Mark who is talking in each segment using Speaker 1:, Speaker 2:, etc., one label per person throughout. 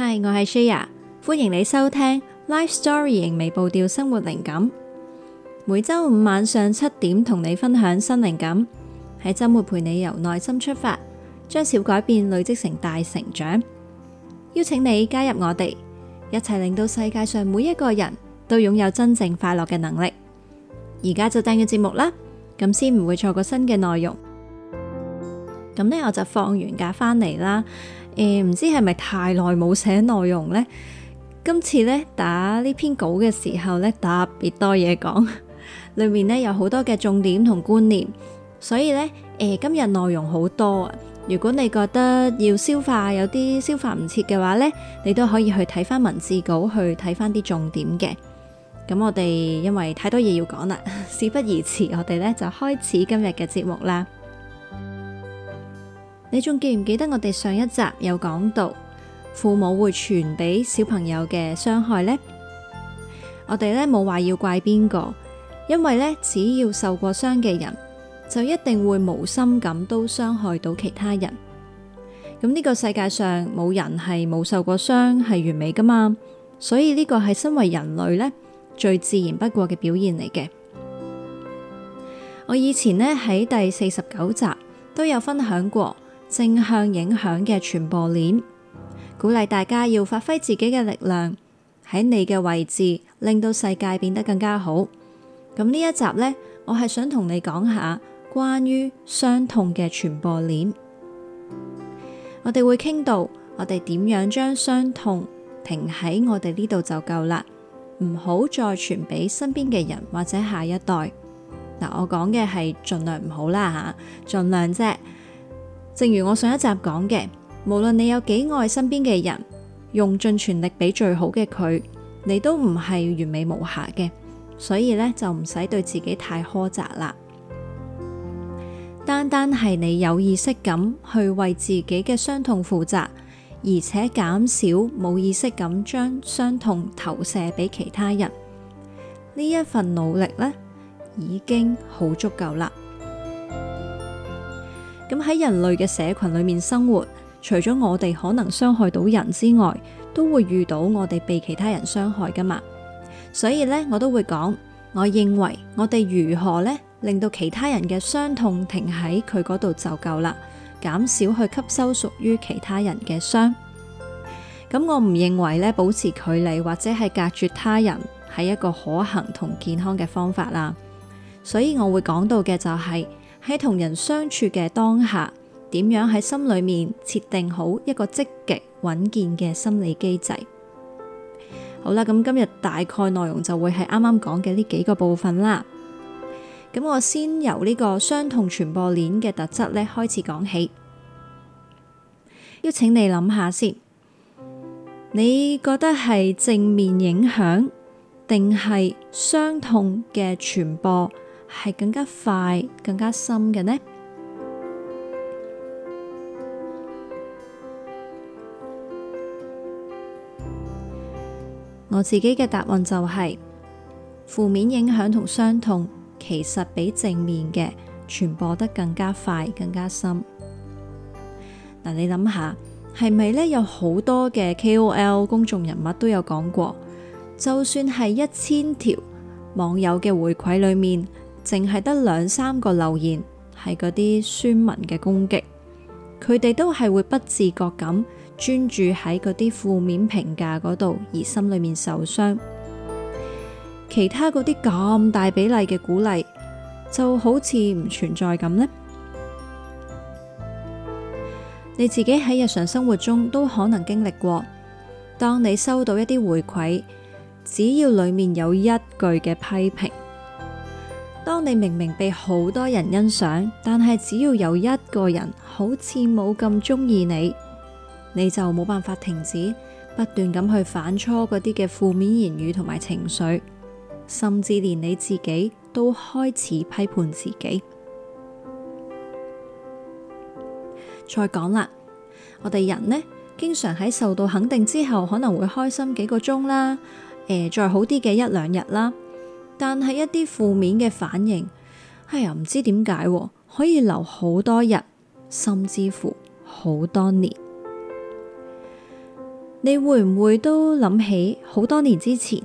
Speaker 1: 嗨，我係 Shaya，歡迎你收聽 Life Story，仍未步調生活靈感，每周五晚上七點同你分享新靈感，喺周末陪你由內心出發，將小改變累積成大成長，邀請你加入我哋，一齊令到世界上每一個人都擁有真正快樂嘅能力。而家就訂閱節目啦，咁先唔會錯過新嘅內容。咁呢，我就放完假返嚟啦。誒，唔知係咪太耐冇寫內容咧？今次咧打呢篇稿嘅時候咧，特別多嘢講，裏面咧有好多嘅重點同觀念，所以咧誒今日內容好多啊！如果你覺得要消化有啲消化唔切嘅話咧，你都可以去睇翻文字稿去睇翻啲重點嘅。咁我哋因為太多嘢要講啦，事不宜遲，我哋咧就開始今日嘅節目啦。你仲記唔記得我哋上一集有講到父母會傳俾小朋友嘅傷害呢？我哋呢冇話要怪邊個，因為呢只要受過傷嘅人，就一定會無心咁都傷害到其他人。咁，嗯，呢個世界上冇人係冇受過傷係完美噶嘛，所以呢個係身為人類呢最自然不過嘅表現嚟嘅。我以前呢喺第四十九集都有分享過。正向影響嘅傳播鏈，鼓勵大家要發揮自己嘅力量，喺你嘅位置令到世界變得更加好。咁呢一集呢，我係想同你講下關於傷痛嘅傳播鏈。我哋會傾到我哋點樣將傷痛停喺我哋呢度就夠啦，唔好再傳俾身邊嘅人或者下一代。嗱，我講嘅係盡量唔好啦吓，盡量啫。正如我上一集講嘅，無論你有幾愛身邊嘅人，用盡全力俾最好嘅佢，你都唔係完美無瑕嘅，所以呢，就唔使對自己太苛責啦。單單係你有意識咁去為自己嘅傷痛負責，而且減少冇意識咁將傷痛投射俾其他人，呢一份努力呢，已經好足夠啦。咁喺人類嘅社群裏面生活，除咗我哋可能傷害到人之外，都會遇到我哋被其他人傷害㗎嘛。所以咧，我都會講，我認為我哋如何呢，令到其他人嘅傷痛停喺佢嗰度就夠啦，減少去吸收屬於其他人嘅傷。咁我唔認為呢，保持距離或者係隔絕他人係一個可行同健康嘅方法啦。所以我會講到嘅就係、是。喺同人相處嘅當下，點樣喺心裏面設定好一個積極穩健嘅心理機制？好啦，咁今日大概內容就會係啱啱講嘅呢幾個部分啦。咁我先由個傷呢個傷痛傳播鏈嘅特質呢開始講起。邀請你諗下先，你覺得係正面影響定係傷痛嘅傳播？係更加快、更加深嘅呢？我自己嘅答案就係、是、負面影響同傷痛，其實比正面嘅傳播得更加快、更加深。嗱，你諗下，係咪呢？有好多嘅 KOL 公眾人物都有講過，就算係一千條網友嘅回饋裏面。淨係得兩三個留言係嗰啲宣文嘅攻擊，佢哋都係會不自覺咁專注喺嗰啲負面評價嗰度，而心裏面受傷。其他嗰啲咁大比例嘅鼓勵就好似唔存在咁呢。你自己喺日常生活中都可能經歷過，當你收到一啲回饋，只要裏面有一句嘅批評。當你明明被好多人欣賞，但係只要有一個人好似冇咁中意你，你就冇辦法停止，不斷咁去反芻嗰啲嘅負面言語同埋情緒，甚至連你自己都開始批判自己。再講啦，我哋人呢，經常喺受到肯定之後，可能會開心幾個鐘啦，誒、呃，再好啲嘅一兩日啦。但係一啲負面嘅反應，係、哎呀，唔知點解，可以留好多日，甚至乎好多年。你會唔會都諗起好多年之前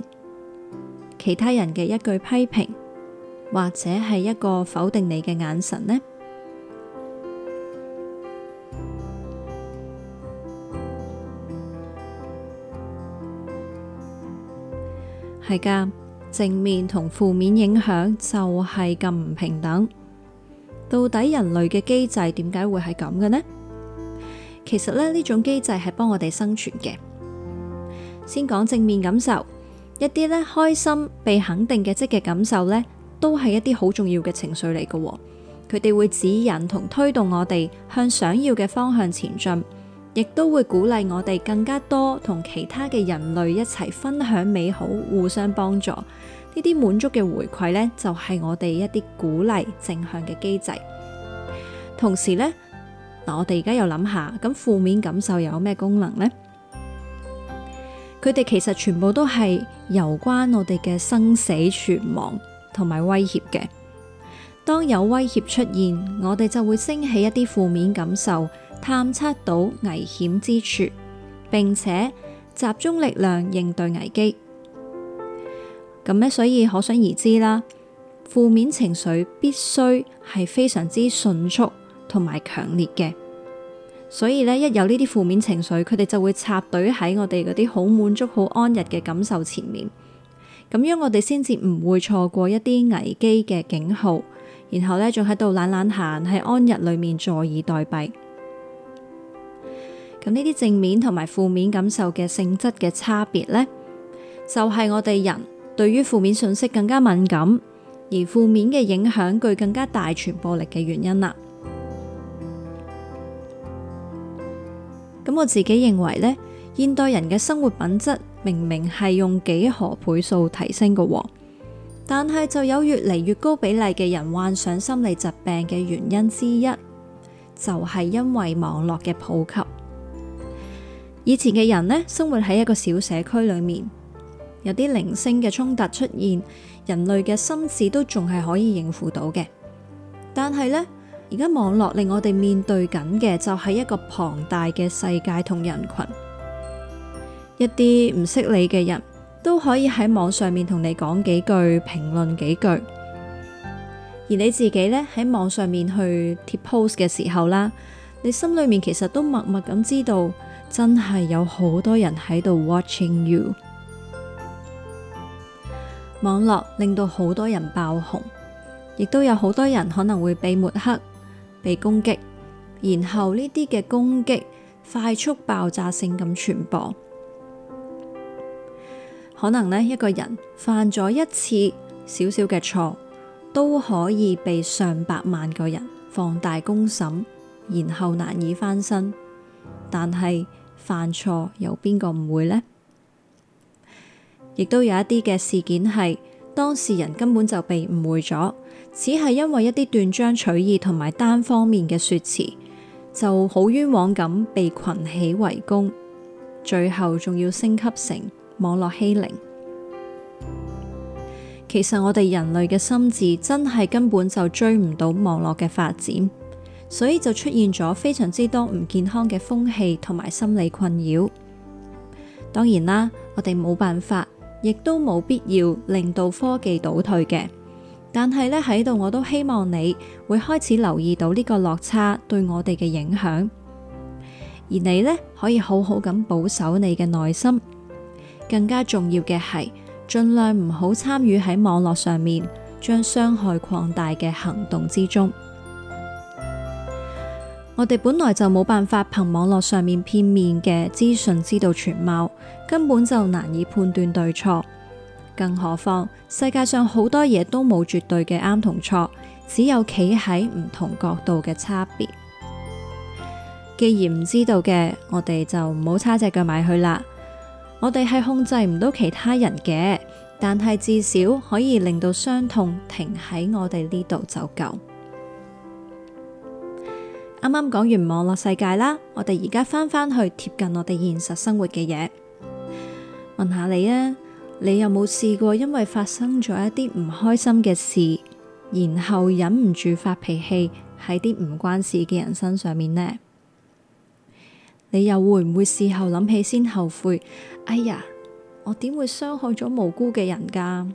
Speaker 1: 其他人嘅一句批評，或者係一個否定你嘅眼神呢？係噶。正面同負面影響就係咁唔平等，到底人類嘅機制點解會係咁嘅？呢其實咧呢種機制係幫我哋生存嘅。先講正面感受，一啲咧開心、被肯定嘅積極感受咧，都係一啲好重要嘅情緒嚟嘅。佢哋會指引同推動我哋向想要嘅方向前進。亦都會鼓勵我哋更加多同其他嘅人類一齊分享美好，互相幫助。呢啲滿足嘅回饋呢，就係我哋一啲鼓勵正向嘅機制。同時呢，嗱，我哋而家又諗下，咁負面感受有咩功能呢？佢哋其實全部都係有關我哋嘅生死存亡同埋威脅嘅。當有威脅出現，我哋就會升起一啲負面感受。探測到危險之處，並且集中力量應對危機。咁呢，所以可想而知啦。負面情緒必須係非常之迅速同埋強烈嘅，所以呢，一有呢啲負面情緒，佢哋就會插隊喺我哋嗰啲好滿足、好安逸嘅感受前面。咁樣我哋先至唔會錯過一啲危機嘅警號，然後呢，仲喺度懶懶閒喺安逸裏面坐以待斃。咁呢啲正面同埋負面感受嘅性質嘅差別呢，就係我哋人對於負面信息更加敏感，而負面嘅影響具更加大傳播力嘅原因啦。咁 我自己認為呢，現代人嘅生活品質明明係用幾何倍數提升嘅，但係就有越嚟越高比例嘅人患上心理疾病嘅原因之一，就係因為網絡嘅普及。以前嘅人呢，生活喺一個小社區裏面，有啲零星嘅衝突出現，人類嘅心智都仲係可以應付到嘅。但係呢，而家網絡令我哋面對緊嘅就係一個龐大嘅世界同人群，一啲唔識你嘅人都可以喺網上面同你講幾句，評論幾句。而你自己呢，喺網上面去貼 post 嘅時候啦，你心裏面其實都默默咁知道。真係有好多人喺度 watching you，網絡令到好多人爆紅，亦都有好多人可能會被抹黑、被攻擊，然後呢啲嘅攻擊快速爆炸性咁傳播，可能呢，一個人犯咗一次小小嘅錯，都可以被上百萬個人放大公審，然後難以翻身，但係，犯錯有邊個唔會呢？亦都有一啲嘅事件係當事人根本就被誤會咗，只係因為一啲斷章取義同埋單方面嘅說辭，就好冤枉咁被群起圍攻，最後仲要升級成網絡欺凌。其實我哋人類嘅心智真係根本就追唔到網絡嘅發展。所以就出現咗非常之多唔健康嘅風氣同埋心理困擾。當然啦，我哋冇辦法，亦都冇必要令到科技倒退嘅。但係呢，喺度，我都希望你會開始留意到呢個落差對我哋嘅影響。而你呢，可以好好咁保守你嘅內心。更加重要嘅係，盡量唔好參與喺網絡上面將傷害擴大嘅行動之中。我哋本來就冇辦法憑網絡上面片面嘅資訊知道全貌，根本就難以判斷對錯。更何況，世界上好多嘢都冇絕對嘅啱同錯，只有企喺唔同角度嘅差別。既然唔知道嘅，我哋就唔好叉隻腳埋去啦。我哋係控制唔到其他人嘅，但係至少可以令到傷痛停喺我哋呢度就夠。啱啱講完網絡世界啦，我哋而家翻返去貼近我哋現實生活嘅嘢，問下你啊，你有冇試過因為發生咗一啲唔開心嘅事，然後忍唔住發脾氣喺啲唔關事嘅人身上面呢？你又會唔會事後諗起先後悔？哎呀，我點會傷害咗無辜嘅人㗎？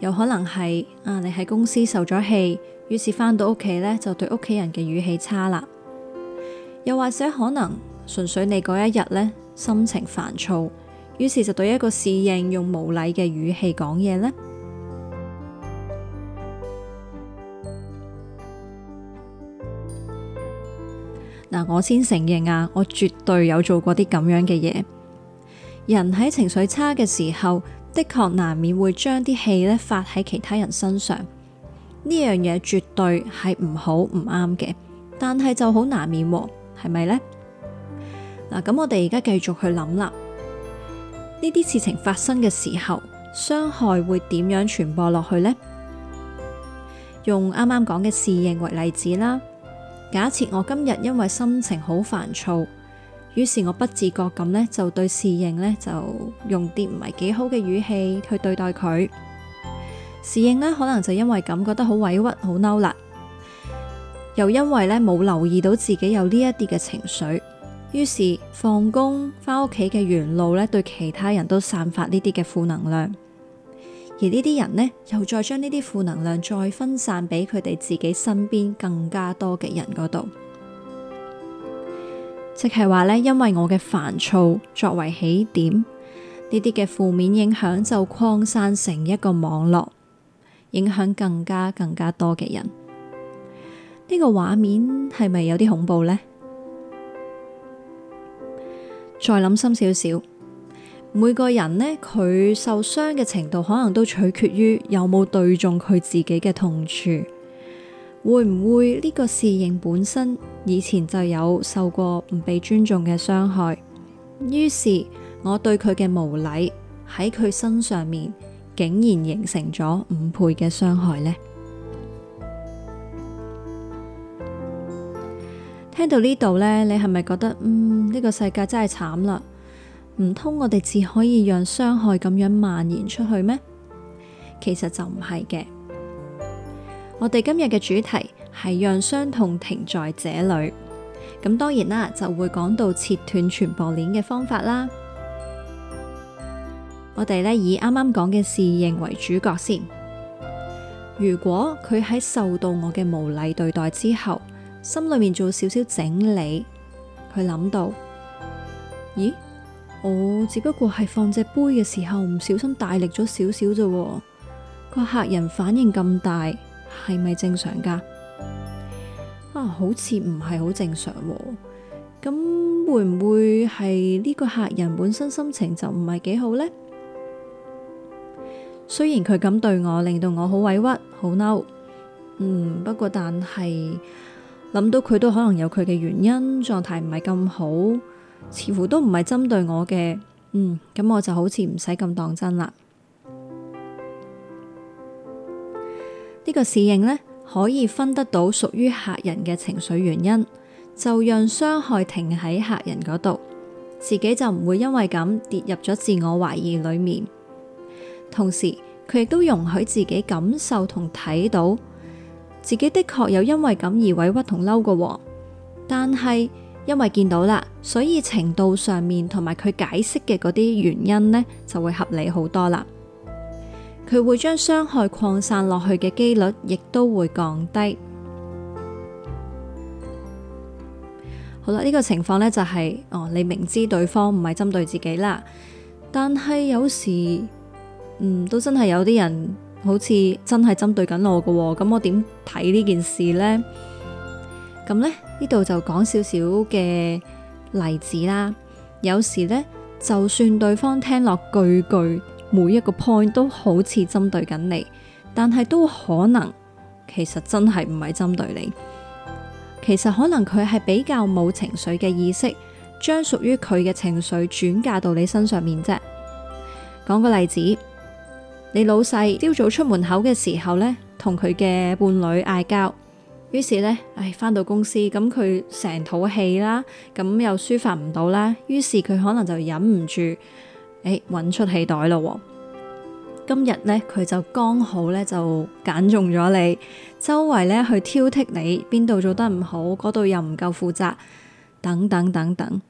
Speaker 1: 有可能係啊，你喺公司受咗氣。於是翻到屋企呢，就對屋企人嘅語氣差啦。又或者可能純粹你嗰一日咧心情煩躁，於是就對一個侍應用無禮嘅語氣講嘢呢，嗱、嗯， 我先承認啊，我絕對有做過啲咁樣嘅嘢。人喺情緒差嘅時候，的確難免會將啲氣咧發喺其他人身上。呢樣嘢絕對係唔好唔啱嘅，但係就好難免喎，係咪呢？嗱，咁我哋而家繼續去諗啦。呢啲事情發生嘅時候，傷害會點樣傳播落去呢？用啱啱講嘅侍應為例子啦。假設我今日因為心情好煩躁，於是我不自覺咁呢，就對侍應呢，就用啲唔係幾好嘅語氣去對待佢。侍應呢，可能就因為咁覺得好委屈，好嬲啦，又因為呢冇留意到自己有呢一啲嘅情緒，於是放工返屋企嘅沿路呢，對其他人都散發呢啲嘅負能量，而呢啲人呢，又再將呢啲負能量再分散俾佢哋自己身邊更加多嘅人嗰度，即係話呢，因為我嘅煩躁作為起點，呢啲嘅負面影響就擴散成一個網絡。影響更加更加多嘅人，呢個畫面係咪有啲恐怖呢？再諗深少少，每個人呢，佢受傷嘅程度，可能都取決於有冇對中佢自己嘅痛處。會唔會呢個侍應本身以前就有受過唔被尊重嘅傷害？於是我對佢嘅無禮喺佢身上面，竟然形成咗五倍嘅傷害呢？聽到呢度呢，你係咪覺得嗯，呢個世界真係慘啦？唔通我哋只可以讓傷害咁樣蔓延出去咩？其實就唔係嘅。我哋今日嘅主題係讓傷痛停在這裡。咁當然啦，就會講到切斷傳播鏈嘅方法啦。我哋呢以啱啱講嘅事認為主角先。如果佢喺受到我嘅無禮對待之後，心裏面做少少整理，佢諗到：咦，我只不過係放隻杯嘅時候唔小心大力咗少少啫。個客人反應咁大，係咪正常噶？啊，好似唔係好正常啊。咁會唔會係呢個客人本身心情就唔係幾好呢？雖然佢咁對我，令到我好委屈、好嬲，嗯，不過但係諗到佢都可能有佢嘅原因，狀態唔係咁好，似乎都唔係針對我嘅，嗯，咁我就好似唔使咁當真啦。 呢個侍應呢，可以分得到屬於客人嘅情緒原因，就讓傷害停喺客人嗰度，自己就唔會因為咁跌入咗自我懷疑裡面。同時，佢亦都容許自己感受同睇到自己的確有因為咁而委屈同嬲嘅。但係因為見到啦，所以程度上面同埋佢解釋嘅嗰啲原因呢，就會合理好多啦。佢會將傷害擴散落去嘅幾率，亦都會降低。好啦，呢個情況呢，就係哦，你明知對方唔係針對自己啦，但係有時。嗯，都真係有啲人好似真係針對緊我㗎喎，咁我點睇呢件事呢？咁呢呢度就講少少嘅例子啦。有時呢，就算對方聽落句句每一個 point 都好似針對緊你，但係都可能其實真係唔係針對你。其實可能佢係比較冇情緒嘅意識，將屬於佢嘅情緒轉嫁到你身上面啫。講個例子。你老細朝早出門口嘅時候呢，同佢嘅伴侶嗌交，於是呢，唉，返到公司咁佢成肚氣啦，咁又抒發唔到啦，於是佢可能就忍唔住，唉，搵出氣袋咯喔。今日呢，佢就剛好呢，就揀中咗你，周圍呢去挑剔你邊度做得唔好，嗰度又唔夠負責，等等等等等等。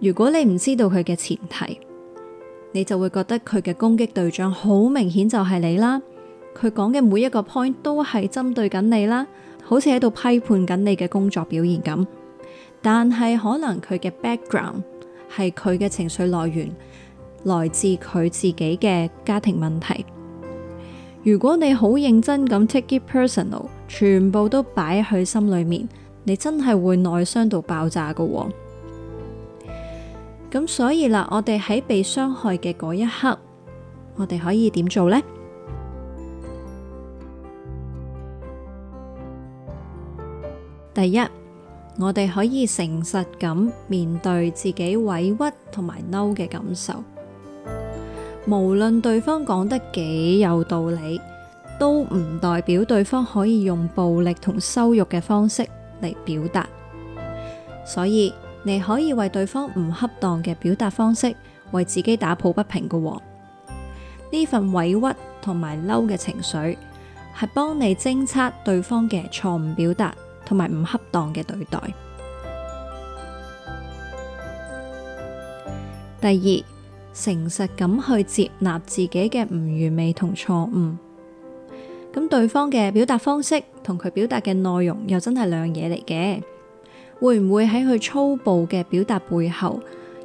Speaker 1: 如果你唔知道佢嘅前提，你就會覺得佢嘅攻擊對象好明顯就係你啦，佢講嘅每一個 point 都係針對緊你啦，好似喺度批判緊你嘅工作表現咁。但係可能佢嘅 background 係佢嘅情緒來源，來自佢自己嘅家庭問題。如果你好認真咁 take it personal，全部都擺喺心裏面，你真係會內傷到爆炸㗎。咁所以啦，我哋喺被傷害嘅嗰一刻，我哋可以點做呢？第一，我哋可以誠實咁面對自己委屈同埋嬲嘅感受。無論對方講得幾有道理，都唔代表對方可以用暴力同羞辱嘅方式嚟表達。所以你可以為對方唔恰當嘅表達方式為自己打抱不平嘅喎。哦，呢份委屈同埋嬲嘅情緒係幫你偵測對方嘅錯誤表達同埋唔恰當嘅對待。第二，誠實咁去接納自己嘅唔完美同錯誤。咁對方嘅表達方式同佢表達嘅內容又真係兩嘢嚟嘅。會唔會喺佢粗暴嘅表達背後，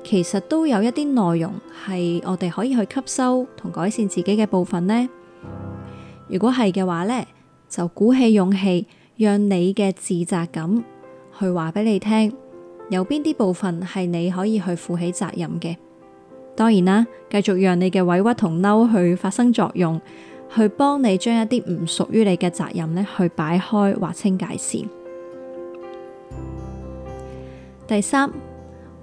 Speaker 1: 其實都有一啲內容係我哋可以去吸收同改善自己嘅部分呢？如果係嘅話呢，就鼓起勇氣，讓你嘅自責感去話俾你聽，有邊啲部分係你可以去負起責任嘅？當然啦，繼續讓你嘅委屈同嬲去發生作用，去幫你將一啲唔屬於你嘅責任呢，去擺開劃清界線。第三，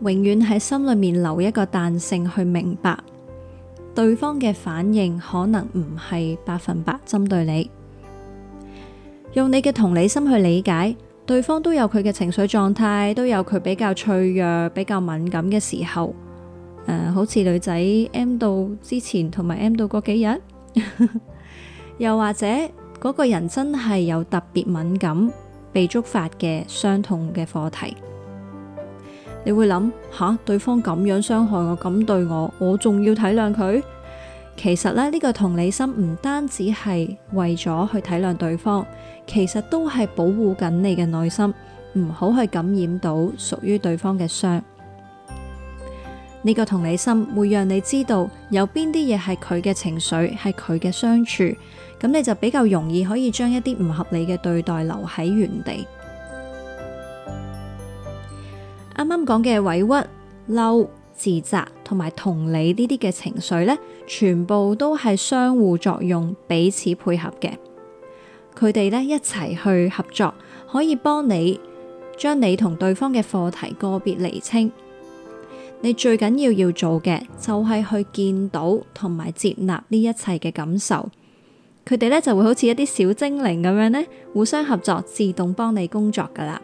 Speaker 1: 永遠喺心裏面留一個彈性，去明白對方嘅反應可能唔係百分百針對你。用你嘅同理心去理解，對方都有佢嘅情緒狀態，都有佢比較脆弱、比較敏感嘅時候。誒、呃，好似女仔 M 到之前同埋 M 到嗰幾日， 又或者嗰、嗰個人真係有特別敏感、被觸發嘅傷痛嘅課題。你會諗吓，對方咁樣傷害我，咁對我，我仲要體諒佢？其實呢，呢個同理心唔單止係為咗去體諒對方，其實都係保護緊你嘅內心，唔好去感染到屬於對方嘅傷。呢個同理心會讓你知道有邊啲嘢係佢嘅情緒，係佢嘅相處，咁你就比較容易可以將一啲唔合理嘅對待留喺原地。啱啱講嘅委屈、嬲、自責同埋同理呢啲嘅情緒呢，全部都係相互作用、彼此配合嘅。佢哋呢一齊去合作，可以幫你將你同對方嘅課題個別釐清。你最緊要要做嘅就係去見到同埋接納呢一切嘅感受。佢哋呢就會好似一啲小精靈咁樣呢，互相合作，自動幫你工作噶啦。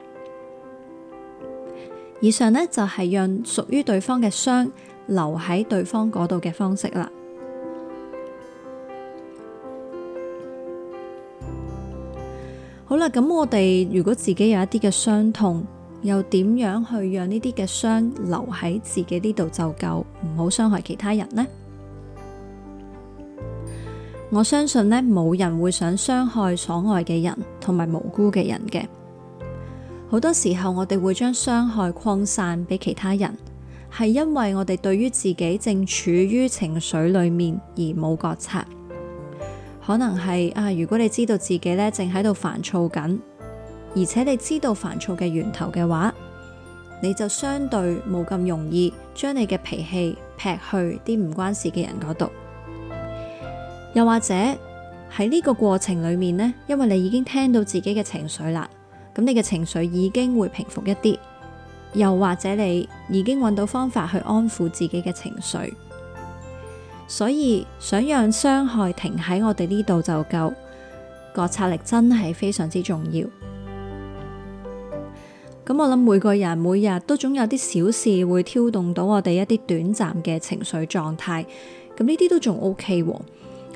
Speaker 1: 以上呢，就係讓屬於對方嘅傷留喺對方嗰度嘅方式啦。 好啦，咁我哋如果自己有一啲嘅傷痛，又點樣去讓呢啲嘅傷留喺自己呢度就夠，唔好傷害其他人呢？ 我相信呢，冇人會想傷害所愛嘅人同埋無辜嘅人嘅。好多時候我哋會將傷害擴散俾其他人，係因為我哋對於自己正處於情緒裏面而冇覺察。可能係啊，如果你知道自己呢正喺度煩躁緊，而且你知道煩躁嘅源頭嘅話，你就相對冇咁容易將你嘅脾氣劈去啲唔關事嘅人嗰度。又或者喺呢個過程裏面呢，因為你已經聽到自己嘅情緒啦。咁你嘅情緒已經會平復一啲，又或者你已經揾到方法去安撫自己嘅情緒，所以想讓傷害停喺我哋呢度就夠。覺察力真係非常之重要。咁我諗每個人每日都總有啲小事會挑動到我哋一啲短暫嘅情緒狀態，咁呢啲都仲 OK 喎。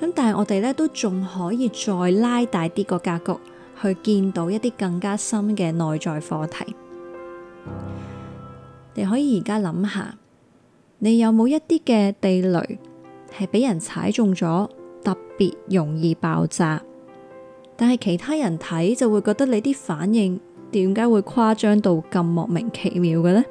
Speaker 1: 咁但係我哋呢，都仲可以再拉大啲個格局。去見到一啲更加深嘅內在課題，你可以而家諗下，你有冇一啲嘅地雷係俾人踩中咗，特別容易爆炸，但係其他人睇就會覺得你啲反應點解會誇張到咁莫名其妙嘅呢？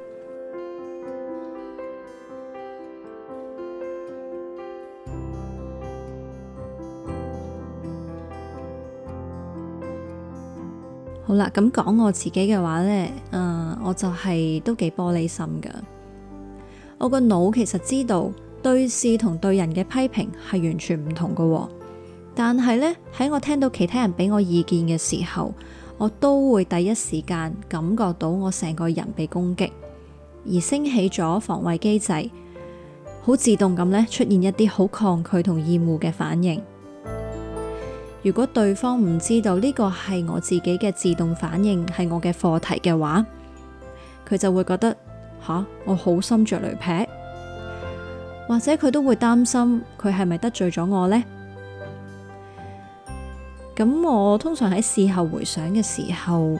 Speaker 1: 好啦，咁講我自己嘅話呢，誒、呃，我就係都幾玻璃心噶。我個腦其實知道對事同對人嘅批評係完全唔同噶，但係呢，喺我聽到其他人俾我意見嘅時候，我都會第一時間感覺到我成個人被攻擊，而升起咗防衛機制，好自動咁呢出現一啲好抗拒同厭惡嘅反應。如果對方唔知道呢個係我自己嘅自動反應，係我嘅課題嘅話，佢就會覺得吓我好心着雷劈，或者佢都會擔心佢係咪得罪咗我呢？咁我通常喺事後回想嘅時候，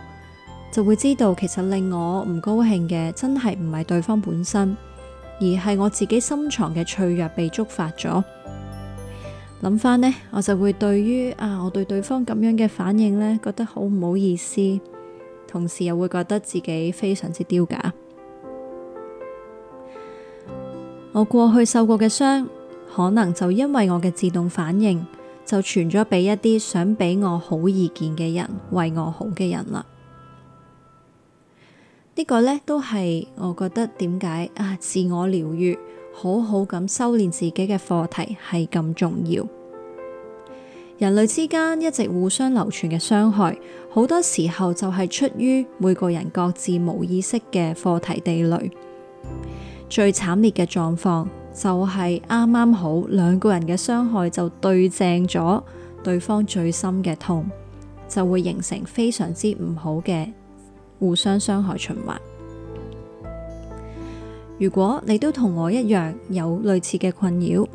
Speaker 1: 就會知道其實令我唔高興嘅，真係唔係對方本身，而係我自己深藏嘅脆弱被觸發咗。諗翻呢，我就會對於啊我對對方咁樣嘅反應呢，覺得好唔好意思，同時又會覺得自己非常之丟架。我過去受過嘅傷，可能就因為我嘅自動反應，就傳咗俾一啲想俾我好意見嘅人為我好嘅人啦。呢個呢，都係我覺得點解啊自我療癒。好好咁修煉自己嘅課題係咁重要。人類之間一直互相流傳嘅傷害，好多時候就係出於每個人各自無意識嘅課題地雷。最慘烈嘅狀況就係啱啱好兩個人嘅傷害就對正咗對方最深嘅痛，就會形成非常之唔好嘅互相傷害循環。如果你都同我一樣有類似嘅困擾，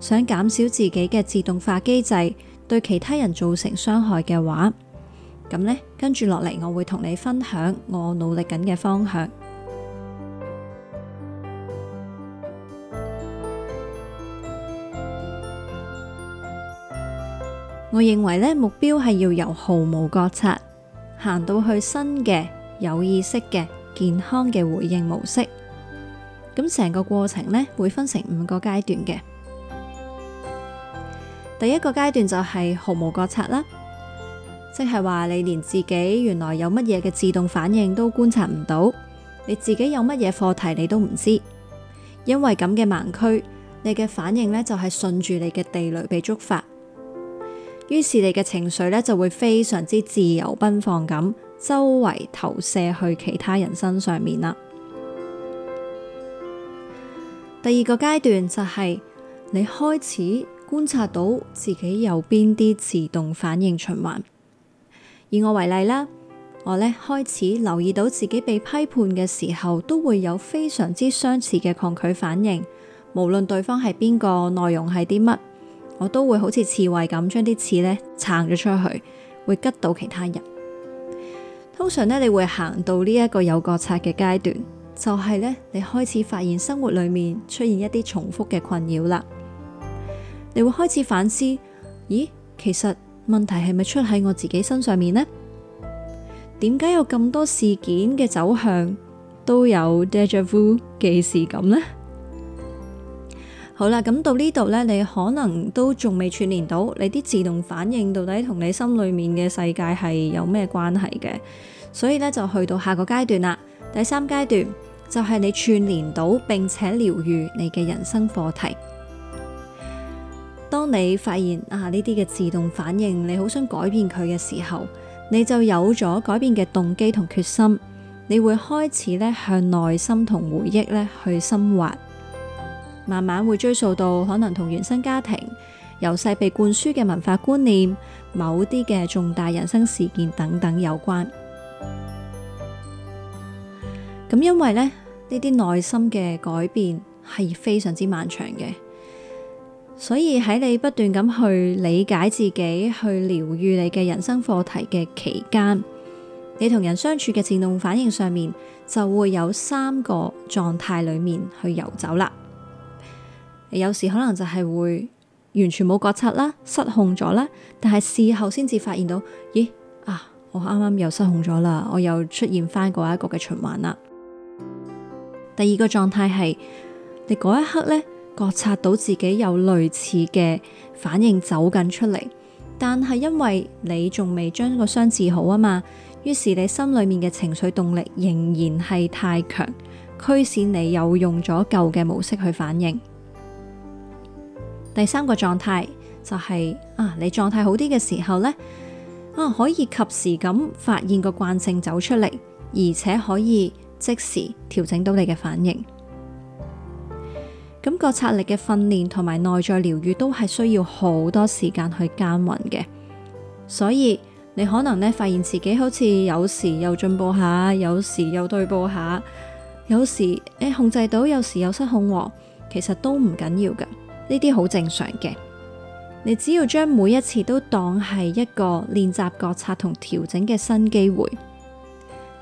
Speaker 1: 想減少自己嘅自動化機制對其他人造成傷害嘅話，咁呢，跟住落嚟，我會同你分享我努力緊嘅方向。 我認為呢，目標係要由毫無覺察行到去新嘅有意識嘅健康嘅回應模式。咁成個過程呢，會分成五個階段嘅。第一個階段就係毫無覺察啦，即係話你連自己原來有乜嘢嘅自動反應都觀察唔到，你自己有乜嘢課題你都唔知，因為咁嘅盲區，你嘅反應呢就係順住你嘅地雷被觸發，於是你嘅情緒呢就會非常之自由奔放咁，周圍投射去其他人身上面啦。第二個階段就係、是、你開始觀察到自己有邊啲自動反應循環。以我為例啦，我咧開始留意到自己被批判嘅時候，都會有非常之相似嘅抗拒反應。無論對方係邊個，內容係啲乜，我都會好似刺蝟咁將啲刺咧撐咗出去，會吉到其他人。通常咧，你會行到呢一個有覺察嘅階段。就係咧，你開始發現生活裏面出現一啲重複嘅困擾啦。你會開始反思，咦，其實問題係咪出喺我自己身上面呢？點解有咁多事件嘅走向都有 déjà vu 嘅視感呢？好啦，咁到呢度呢，你可能都仲未串聯到你啲自動反應到底同你心裏面嘅世界係有咩關係嘅，所以呢，就去到下個階段啦，第三階段。就係你串聯到，並且療癒你嘅人生課題。當你發現啊呢啲嘅自動反應，你好想改變佢嘅時候，你就有咗改變嘅動機同決心。你會開始咧向內心同回憶咧去深挖，慢慢會追溯到可能同原生家庭、由細被灌輸嘅文化觀念、某啲嘅重大人生事件等等有關。咁因為呢。呢啲內心嘅改變係非常之漫長嘅，所以喺你不斷咁去理解自己、去療愈你嘅人生課題嘅期間，你同人相處嘅自動反應上面就會有三個狀態裏面去游走啦。有時可能就係會完全冇覺察啦、失控咗啦，但係事後先至發現到，咦啊，我啱啱又失控咗啦，我又出現翻嗰一個嘅循環啦。第二個狀態係你嗰一刻呢，覺察到自己有類似嘅反應走緊出嚟，但係因為你仲未將個傷治好啊嘛，於是你心裏面嘅情緒動力仍然係太強，驅使你又用咗舊嘅模式去反應。第三個狀態就係、是、啊，你狀態好啲嘅時候呢，哦、啊、可以及時咁發現個慣性走出嚟，而且可以。即時調整到你嘅反應，咁覺察力嘅訓練同埋內在療癒都係需要好多時間去耕耘嘅，所以你可能呢，發現自己好似有時又進步下，有時又退步下，有時誒、欸、控制到，有時又失控，哦，其實都唔緊要㗎，呢啲好正常嘅。你只要將每一次都當係一個練習覺察同調整嘅新機會。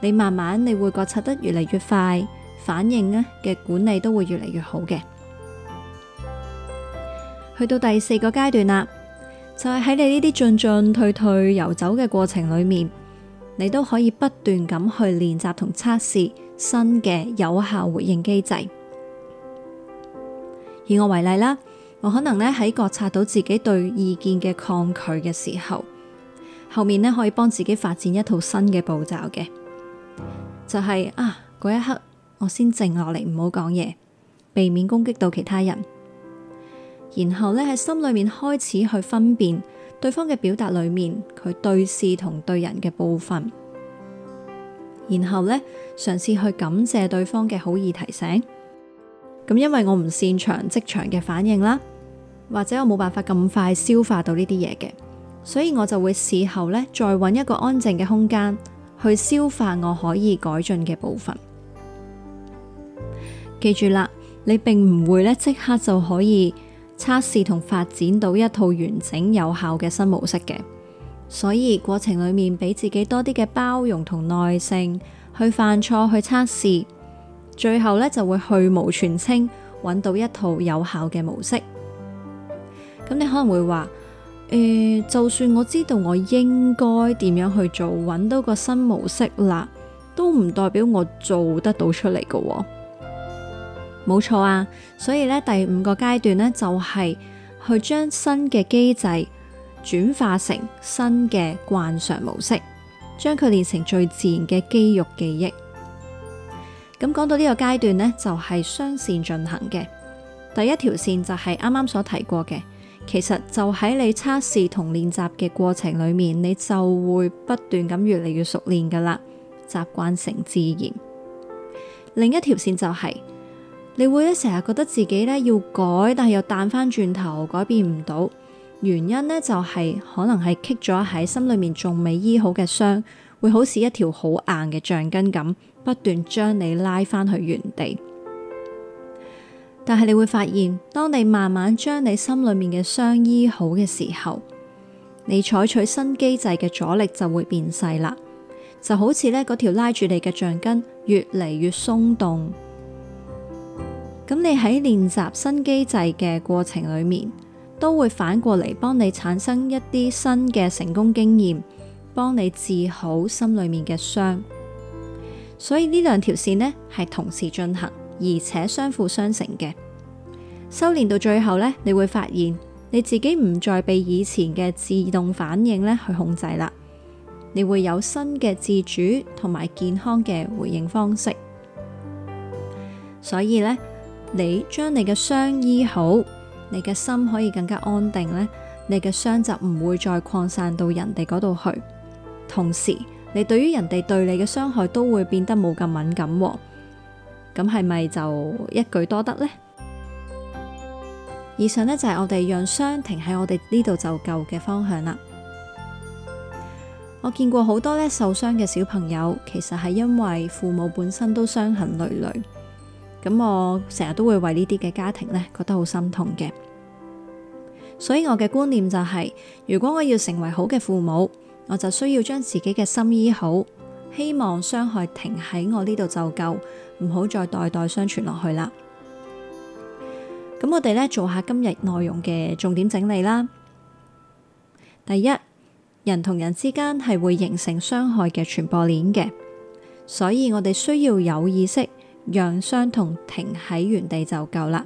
Speaker 1: 你慢慢，你會覺察得越嚟越快，反應呢嘅管理都會越嚟越好嘅。去到第四個階段啦，就係喺你呢啲進進退退游走嘅過程裏面，你都可以不斷咁去練習同測試新嘅有效回應機制。以我為例啦，我可能呢喺覺察到自己對意見嘅抗拒嘅時候，後面呢可以幫自己發展一套新嘅步驟嘅。就係、是、啊，嗰一刻我先靜落嚟，唔好講嘢，避免攻擊到其他人。然後呢，喺心裏面開始去分辨，對方嘅表達裏面佢對事同對人嘅部分。然後呢，嘗試去感謝對方嘅好意提醒。咁因為我唔擅長即場嘅反應啦，或者我冇辦法咁快消化到呢啲嘢嘅，所以我就會事後呢，再搵一個安靜嘅空間。去消化我可以改進嘅部分。記住啦，你並唔會咧即刻就可以測試同發展到一套完整有效嘅新模式嘅。所以過程裏面俾自己多啲嘅包容同耐性，去犯錯去測試，最後咧就會去蕪存菁，揾到一套有效嘅模式。咁你可能會話。誒、呃，就算我知道我應該點樣去做，揾到個新模式啦，都唔代表我做得到出嚟㗎。哦。冇錯啊，所以咧第五個階段呢，就係、是、去將新嘅機制轉化成新嘅慣常模式，將佢練成最自然嘅肌肉記憶。咁、嗯、講到呢個階段呢，就係、是、雙線進行嘅，第一條線就係啱啱所提過嘅。其實就喺你測試同練習嘅過程裏面，你就會不斷咁越嚟越熟練噶啦，習慣成自然。另一條線就係，你會一成日覺得自己呢要改，但係又彈翻轉頭改變唔到，原因呢，就係可能係棘咗喺心裏面仲未醫好嘅傷，會好似一條好硬嘅橡筋咁，不斷將你拉返去原地。但係你會發現，當你慢慢將你心裏面嘅傷醫好嘅時候，你採取新機制嘅阻力就會變細啦，就好似呢嗰條拉住你嘅橡筋越嚟越鬆動。咁你喺練習新機制嘅過程裏面，都會反過嚟幫你產生一啲新嘅成功經驗，幫你治好心裏面嘅傷。所以呢兩條線呢，係同時進行。而且相輔相成嘅，修煉到最後呢，你會發現你自己唔再被以前嘅自動反應呢去控制啦，你會有新嘅自主同埋健康嘅回應方式。所以呢，你將你嘅傷醫好，你嘅心可以更加安定呢，你嘅傷就唔會再擴散到人哋嗰度去。同時，你對於人哋對你嘅傷害都會變得冇咁敏感喎。咁係咪就一舉多得呢？以上呢，就係我哋讓傷停喺我哋呢度就夠嘅方向啦。我見過好多呢受傷嘅小朋友，其實係因為父母本身都傷痕累累。咁我成日都會為呢啲嘅家庭呢覺得好心痛嘅。所以我嘅觀念就係，如果我要成為好嘅父母，我就需要將自己嘅心醫好，希望傷害停喺我呢度就夠。唔好再代代相傳落去啦。咁我哋呢，做下今日內容嘅重點整理啦。第一，人同人之間係會形成傷害嘅傳播鏈嘅，所以我哋需要有意識讓傷痛停喺原地就夠啦。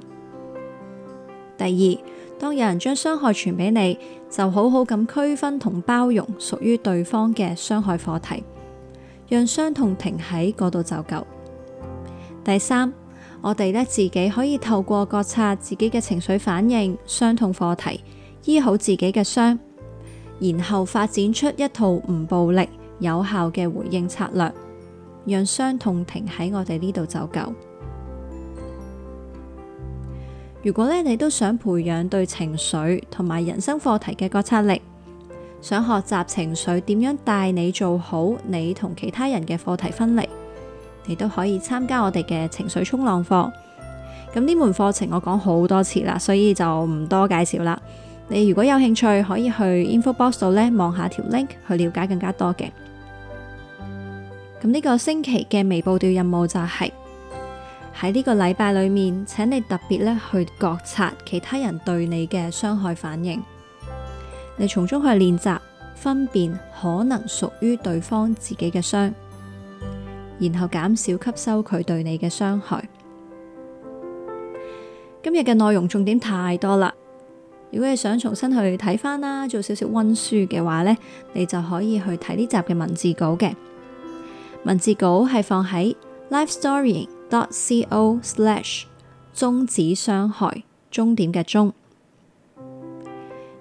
Speaker 1: 第二，當有人將傷害傳俾你，就好好咁區分同包容屬於對方嘅傷害課題，讓傷痛停喺嗰度就夠。第三，我哋咧自己可以透過覺察自己嘅情緒反應，傷痛課題，醫好自己嘅傷，然後發展出一套唔暴力、有效嘅回應策略，讓傷痛停喺我哋呢度就夠。如果咧你都想培養對情緒同埋人生課題嘅覺察力，想學習情緒點樣帶你做好你同其他人嘅課題分離。你都可以參加我哋嘅情緒衝浪課，咁呢門課程我講好多次啦，所以就唔多介紹啦。你如果有興趣，可以去 info box 度咧望下條 link 去了解更加多嘅。咁呢個星期嘅微步調任務就係喺呢個禮拜裏面，請你特別咧去覺察其他人對你嘅傷害反應，你從中去練習分辨可能屬於對方自己嘅傷。然後減少吸收佢對你嘅傷害。今日嘅內容重點太多啦，如果你想重新去睇翻啦，做少少溫書嘅話呢，你就可以去睇呢集嘅文字稿嘅。文字稿係放喺 lifestorying.co/ 終止傷害終點嘅終。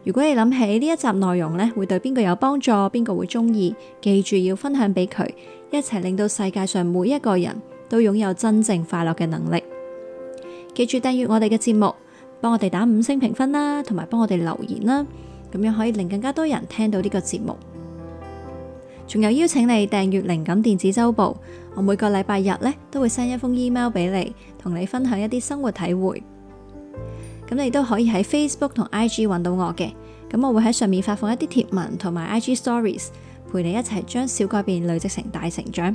Speaker 1: 如果你諗起呢一集內容呢，會對邊個有幫助，邊個會中意，記住要分享俾佢。一齊令到世界上每一個人都擁有真正快樂嘅能力。記住訂閱我哋嘅節目，幫我哋打五星評分啦，同埋幫我哋留言啦，咁樣可以令更加多人聽到呢個節目。仲有邀請你訂閱靈感電子週報，我每個禮拜日呢都會 send 一封 email 俾你，同你分享一啲生活體會。咁你都可以喺 Facebook 同 IG 搵到我嘅，咁我會喺上面發放一啲貼文同埋 IG Stories。陪你一齊將小改變累積成大成長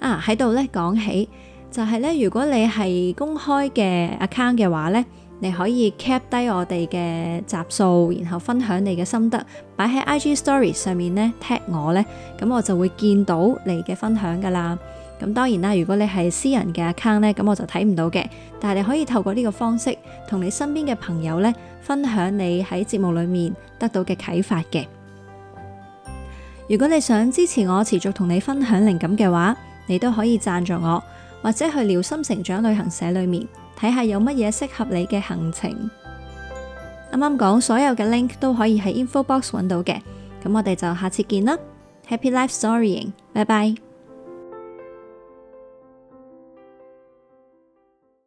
Speaker 1: 啊！喺度咧講起就係咧，如果你係公開嘅 account 嘅話咧，你可以 cap 低我哋嘅集數，然後分享你嘅心得，擺喺 IG story 上面咧 tag 我咧，咁我就會見到你嘅分享噶啦。咁當然啦，如果你係私人嘅 account 咧，咁我就睇唔到嘅。但係你可以透過呢個方式同你身邊嘅朋友咧分享你喺節目裏面得到嘅啟發嘅。如果你想支持我持續同你分享靈感嘅話，你都可以贊助我，或者去療心成長旅行社裏面睇下有乜嘢適合你嘅行程。啱啱講所有嘅 link 都可以喺 info box 搵到嘅，咁我哋就下次見啦，Happy life storying，拜拜。